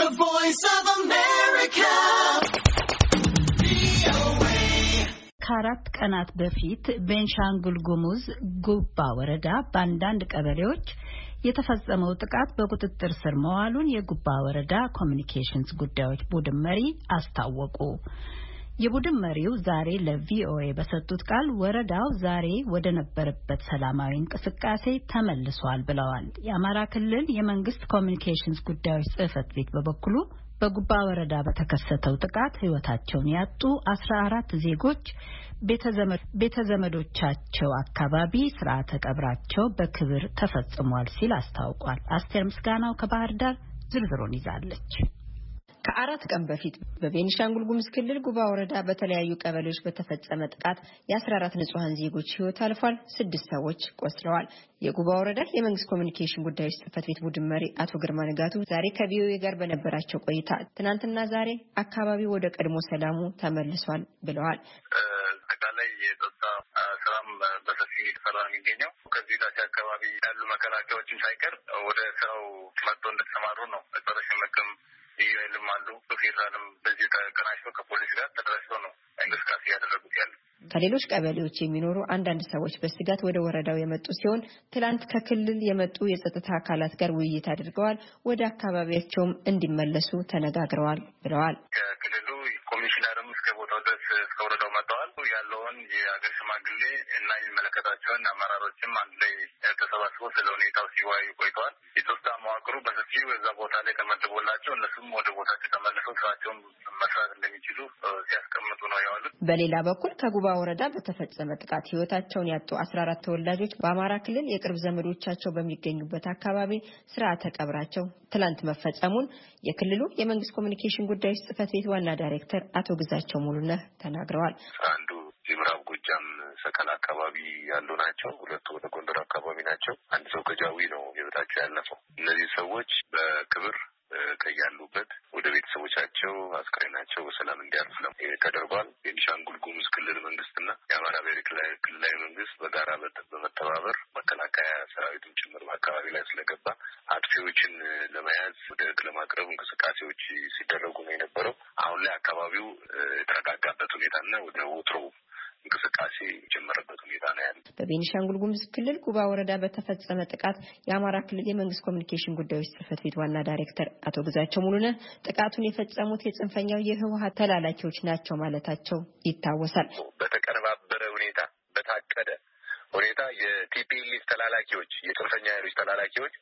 The Voice of America. ከአራት ቀናት በፊት ቤንሻንጉል ጉሙዝ ጉባ ወረዳ በአንዳንድ ቀበሌዎች የተፈጸመው ጥቃት በቁጥጥር ስር መዋሉን የጉባ ወረዳ ኮሚኒኬሽንስ ጉዳዮች ቡድን መሪ አስታወቁ። የቡድን መሪው ዛሬ ለቪኦኤ በሰጡት ቃል ወረዳው ዛሬ ወደ ነበረበት ሰላማዊ እንቅስቃሴ ተመልሷል ብለዋል። የአማራ ክልል የመንግስት ኮሚኒኬሽንስ ጉዳዮች ጽህፈት ቤት በበኩሉ በጉባ ወረዳ በተከሰተው ጥቃት ህይወታቸውን ያጡ አስራ አራት ዜጎች ቤተዘመዶቻቸው አካባቢ ስርዓተ ቀብራቸው በክብር ተፈጽሟል ሲል አስታውቋል። አስቴር ምስጋናው ከባህር ዳር ዝርዝሩን ይዛለች። ከአራት ቀን በፊት በቤኒሻንጉል ጉሙዝ ክልል ጉባ ወረዳ በተለያዩ ቀበሌዎች በተፈጸመ ጥቃት የ14 ንጹሐን ዜጎች ሕይወት አልፏል። ስድስት ሰዎች ቆስለዋል። የጉባ ወረዳ የመንግስት ኮሚኒኬሽን ጉዳዮች ጽህፈት ቤት ቡድን መሪ አቶ ግርማ ንጋቱ ዛሬ ከቪኦኤ ጋር በነበራቸው ቆይታ ትናንትና ዛሬ አካባቢ ወደ ቀድሞ ሰላሙ ተመልሷል ብለዋል። አጠቃላይ የጸጥታ ስራም በሰፊ ሰራ የሚገኘው። ከዚህ ታች አካባቢ ያሉ መከላከያዎችን ሳይቀር ወደ ስራው መጥቶ እንደተሰማሩ ነው። ጸረ ሽምቅም ዩኤልም አሉ በፌዴራልም በዚህ ተቀናጅተው ከፖሊስ ጋር ተደራጅቶ ነው እንቅስቃሴ ያደረጉት ያለ ከሌሎች ቀበሌዎች የሚኖሩ አንዳንድ ሰዎች በስጋት ወደ ወረዳው የመጡ ሲሆን ትላንት ከክልል የመጡ የጸጥታ አካላት ጋር ውይይት አድርገዋል። ወደ አካባቢያቸውም እንዲመለሱ ተነጋግረዋል ብለዋል። ከክልሉ ኮሚሽን ከወረዳው መጥተዋል። ያለውን የሀገር ሽማግሌ እና የሚመለከታቸውን አመራሮችም አንድ ላይ ተሰባስቦ ስለ ሁኔታው ሲወያዩ ቆይተዋል። የሶስት መዋቅሩ በሰፊው እዛ ቦታ ላይ ተመድቦላቸው እነሱም ወደ ቦታቸው ተመልሰው ስራቸውን መስራት እንደሚችሉ ሲያስቀምጡ ነው የዋሉት። በሌላ በኩል ከጉባ ወረዳ በተፈጸመ ጥቃት ህይወታቸውን ያጡ አስራ አራት ተወላጆች በአማራ ክልል የቅርብ ዘመዶቻቸው በሚገኙበት አካባቢ ስርዓተ ቀብራቸው ትላንት መፈጸሙን የክልሉ የመንግስት ኮሚኒኬሽን ጉዳዮች ጽህፈት ቤት ዋና ዳይሬክተር አቶ ግዛቸው ሙሉነህ ተናግረዋል። አንዱ የምዕራብ ጎጃም ሰቀል አካባቢ ያሉ ናቸው። ሁለቱ ወደ ጎንደር አካባቢ ናቸው። አንድ ሰው ከጃዊ ነው ህይወታቸው ያለፈው። እነዚህ ሰዎች በክብር ከያሉበት ወደ ቤተሰቦቻቸው አስክሬናቸው በሰላም እንዲያርፍ ነው ተደርጓል። የቤኒሻንጉል ጉሙዝ ክልል መንግስትና የአማራ ብሔራዊ ክልላዊ መንግስት በጋራ በመተባበር መከላከያ ሰራዊቱን ጭምር በአካባቢ ላይ ስለገባ አጥፊዎችን ለመያዝ ወደ ህግ ለማቅረብ እንቅስቃሴዎች ሲደረጉ ነው የነበረው። አሁን ላይ አካባቢው የተረጋጋበት ሁኔታና ወደ ወትሮው እንቅስቃሴ የጀመረበት ሁኔታ ነው ያለ። በቤኒሻንጉል ጉሙዝ ክልል ጉባ ወረዳ በተፈጸመ ጥቃት የአማራ ክልል የመንግስት ኮሚኒኬሽን ጉዳዮች ጽህፈት ቤት ዋና ዳይሬክተር አቶ ግዛቸው ሙሉነ ጥቃቱን የፈጸሙት የጽንፈኛው የህወሀት ተላላኪዎች ናቸው ማለታቸው ይታወሳል። በተቀነባበረ ሁኔታ በታቀደ ሁኔታ የቲፒኤልኤፍ ተላላኪዎች የጽንፈኛ ኃይሎች ተላላኪዎች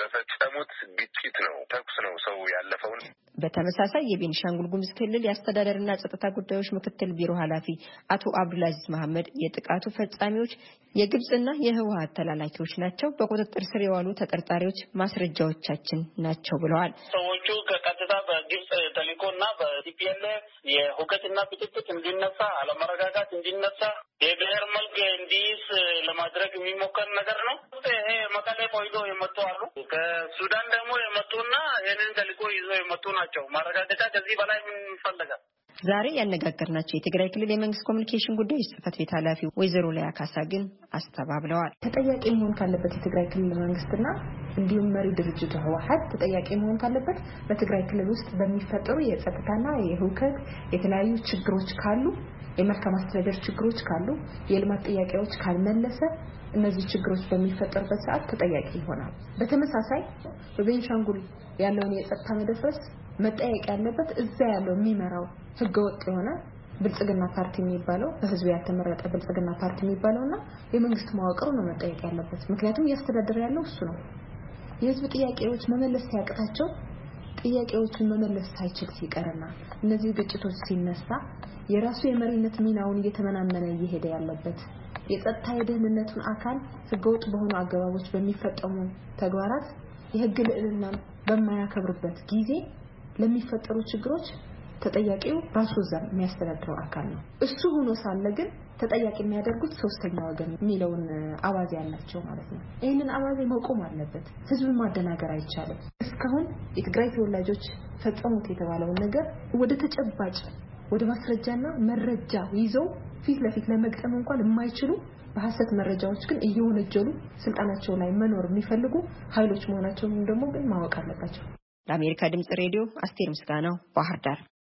በፈጸሙት ግጭት ነው፣ ተኩስ ነው ሰው ያለፈውን። በተመሳሳይ የቤኒሻንጉል ጉሙዝ ክልል የአስተዳደርና ጸጥታ ጉዳዮች ምክትል ቢሮ ኃላፊ አቶ አብዱልአዚዝ መሐመድ የጥቃቱ ፈጻሚዎች የግብፅና የህወሀት ተላላኪዎች ናቸው፣ በቁጥጥር ስር የዋሉ ተጠርጣሪዎች ማስረጃዎቻችን ናቸው ብለዋል። ሰዎቹ ቀጥታ በግብጽ ተልእኮና በቲፒኤልኤፍ የሁከትና ብጥብጥ እንዲነሳ፣ አለመረጋጋት እንዲነሳ፣ የብሔር መልክ እንዲይዝ ለማድረግ የሚሞከር ነገር ነው። ይሄ መቀሌ ቆይዞ የመጡ አሉ። ከሱዳን ደግሞ የመጡና ይህንን ተልእኮ ይዞ የመጡ ናቸው። ማረጋገጫ ከዚህ በላይ ምን ይፈለጋል? ዛሬ ያነጋገርናቸው የትግራይ ክልል የመንግስት ኮሚኒኬሽን ጉዳዮች ጽህፈት ቤት ኃላፊ ወይዘሮ ላያ አካሳ ግን አስተባብለዋል። ተጠያቂ መሆን ካለበት የትግራይ ክልል መንግስትና እንዲሁም መሪ ድርጅቱ ህወሀት ተጠያቂ መሆን ካለበት በትግራይ ክልል ውስጥ በሚፈጠሩ የጸጥታና የህውከት የተለያዩ ችግሮች ካሉ የመልካም አስተዳደር ችግሮች ካሉ የልማት ጥያቄዎች ካልመለሰ እነዚህ ችግሮች በሚፈጠሩበት ሰዓት ተጠያቂ ይሆናል። በተመሳሳይ በቤንሻንጉል ያለውን የጸጥታ መደፍረስ መጠየቅ ያለበት እዛ ያለው የሚመራው ህገወጥ የሆነ ብልጽግና ፓርቲ የሚባለው በህዝብ ያልተመረጠ ብልጽግና ፓርቲ የሚባለው እና የመንግስት መዋቅሩ ነው መጠየቅ ያለበት። ምክንያቱም እያስተዳደር ያለው እሱ ነው። የህዝብ ጥያቄዎች መመለስ ሲያቅታቸው ጥያቄዎቹን መመለስ ሳይችል ሲቀርና እነዚህ ግጭቶች ሲነሳ የራሱ የመሪነት ሚናውን እየተመናመነ እየሄደ ያለበት የጸጥታ የደህንነቱን አካል ህገወጥ በሆኑ አገባቦች በሚፈጠሙ ተግባራት የህግ ልዕልናን በማያከብርበት ጊዜ ለሚፈጠሩ ችግሮች ተጠያቂው ራሱ እዛ የሚያስተዳድረው አካል ነው። እሱ ሆኖ ሳለ ግን ተጠያቂ የሚያደርጉት ሶስተኛ ወገን የሚለውን አባዜ ያላቸው ማለት ነው። ይህንን አባዜ መቆም አለበት። ህዝብን ማደናገር አይቻልም። እስካሁን የትግራይ ተወላጆች ፈጸሙት የተባለውን ነገር ወደ ተጨባጭ ወደ ማስረጃና መረጃ ይዘው ፊት ለፊት ለመግጠም እንኳን የማይችሉ በሀሰት መረጃዎች ግን እየወነጀሉ ስልጣናቸው ላይ መኖር የሚፈልጉ ኃይሎች መሆናቸውን ደግሞ ግን ማወቅ አለባቸው። ለአሜሪካ ድምፅ ሬዲዮ አስቴር ምስጋናው ባህር ዳር